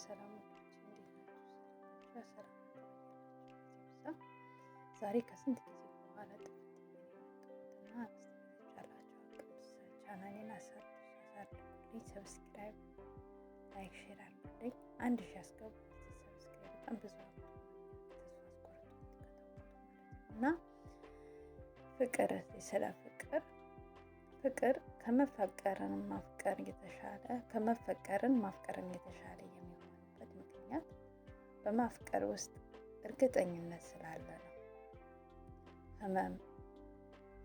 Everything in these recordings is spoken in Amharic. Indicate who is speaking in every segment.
Speaker 1: ሰላም ሰላም፣ ዛሬ ከስንት ጊዜ በኋላ ላይክ፣ ሼር አድርጉልኝ። አንድ አስገቡ ሰብስክራይብ በጣም ብዙ እና ፍቅር ስለ ፍቅር ፍቅር ከመፈቀርን ማፍቀር የተሻለ ከመፈቀርን ማፍቀርን የተሻለ በማፍቀር ውስጥ እርግጠኝነት ስላለ ነው። ህመም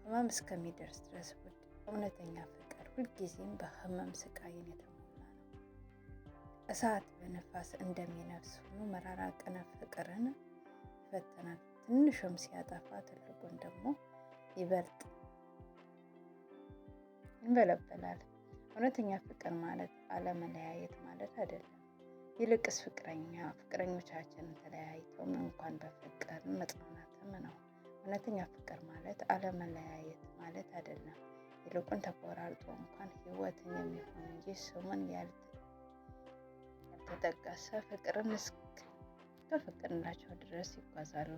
Speaker 1: ህመም እስከሚደርስ ድረስ ውድ እውነተኛ ፍቅር ሁልጊዜም በህመም ስቃይን የተሞላ ነው። እሳት በነፋስ እንደሚነፍስ ሆኖ መራራ ቀነ ፍቅርን ይፈተናል። ትንሹም ሲያጠፋ ትልቁን ደግሞ ይበልጥ ይንበለበላል። እውነተኛ ፍቅር ማለት አለመለያየት ማለት አይደለም። ይልቅስ ፍቅረኛ ፍቅረኞቻችን ተለያይተውም እንኳን በፍቅር መጽናናትም ነው። እውነተኛ ፍቅር ማለት አለመለያየት ማለት አይደለም። ይልቁን ተቆራርጦ እንኳን ህይወትን የሚሆን እንጂ ስሙን ያልተጠቀሰ ፍቅርን እስከ ፍቅርናቸው ድረስ ይጓዛሉ።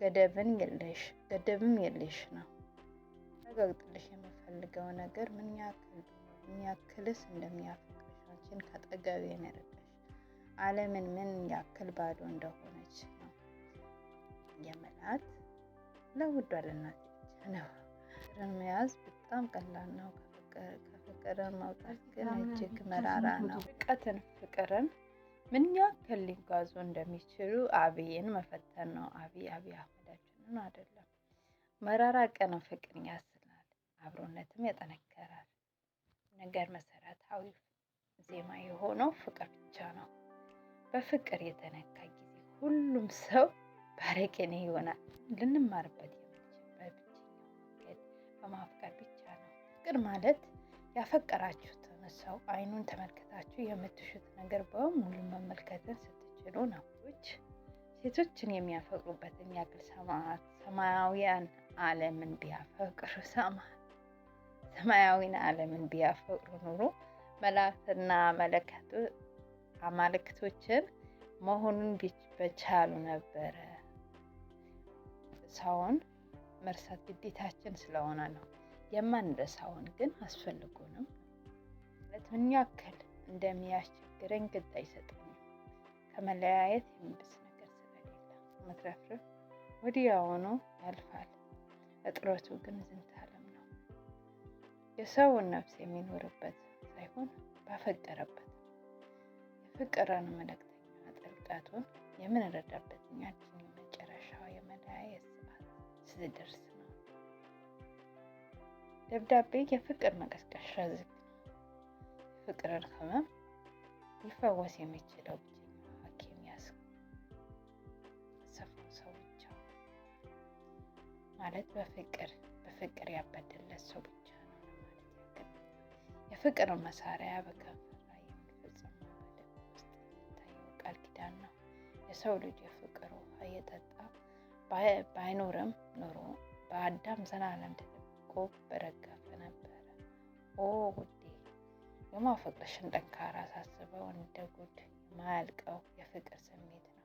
Speaker 1: ገደብን የለሽ ገደብም የለሽ ነው። ረጋግጥልሽ የምፈልገው ነገር ምን ያክልስ እንደሚያፈቅርሽ አንቺን ከአጠገቤ ዓለምን ምን ያክል ባዶ እንደሆነች ነው የምላት ለውዷ ለእናታችን ነው። ፍቅርን መያዝ በጣም ቀላል ነው። ከፍቅርን መውጣት ግን እጅግ መራራ ነው። ርቀትን ፍቅርን ምን ያክል ሊጓዙ እንደሚችሉ አብይን መፈተን ነው። አብይ አብይ አህመዳችንን አይደለም። ቀን ፍቅርን ያስናል፣ አብሮነትም ያጠነከራል። ነገር መሰረታዊ ዜማ የሆነው ፍቅር ብቻ ነው። በፍቅር የተነካ ጊዜ ሁሉም ሰው ባረቄኔ ይሆናል። ልንማርበት የምንችልበት መንገድ በማፍቀር ብቻ ነው። ፍቅር ማለት ያፈቀራችሁትን ሰው አይኑን ተመልከታችሁ የምትሹት ነገር በሙሉ መመልከትን ስትችሉ ነው። ሴቶችን የሚያፈቅሩበትን ያክል ሰማያት ሰማያዊያን ዓለምን ቢያፈቅሩ ሰማያዊን ዓለምን ቢያፈቅሩ ኑሮ መላእክትና መለከቱ አማልክቶችን መሆኑን በቻሉ ነበረ። ሰውን መርሳት ግዴታችን ስለሆነ ነው። የማንረሳውን ግን አስፈልጎንም ምን ያክል እንደሚያስቸግረን ግድ አይሰጠንም። ከመለያየት የሚብስ ነገር ስለሌለ መትረፍረፍ ወዲያውኑ ያልፋል። እጥረቱ ግን ዝንታለም ነው። የሰውን ነፍስ የሚኖርበት ሳይሆን ባፈቀረበት ፍቅርን መልእክተኛ ጥልቀቱን የምንረዳበት እኛችን መጨረሻው የመለያየት ሰዓት ስትደርስ ነው። ደብዳቤ የፍቅር መቀስቀሻ ዝግ ነው። ፍቅርን ህመም ሊፈወስ የሚችለው ብቸኛው ሐኪም ያሰፋው ሰው ብቻ ማለት በፍቅር በፍቅር ያበደለት ሰው ብቻ ነው የፍቅርን መሳሪያ በከፍ የሰው ልጅ የፍቅር ውሃ እየጠጣ ባይኖርም ኖሮ በአዳም ዘላለም ተጠብቆ በረገፈ ነበረ። ኦ ውዴ የማፈቅርሽን ጠንካራ ሳስበው እንደ ጉድ የማያልቀው የፍቅር ስሜት ነው።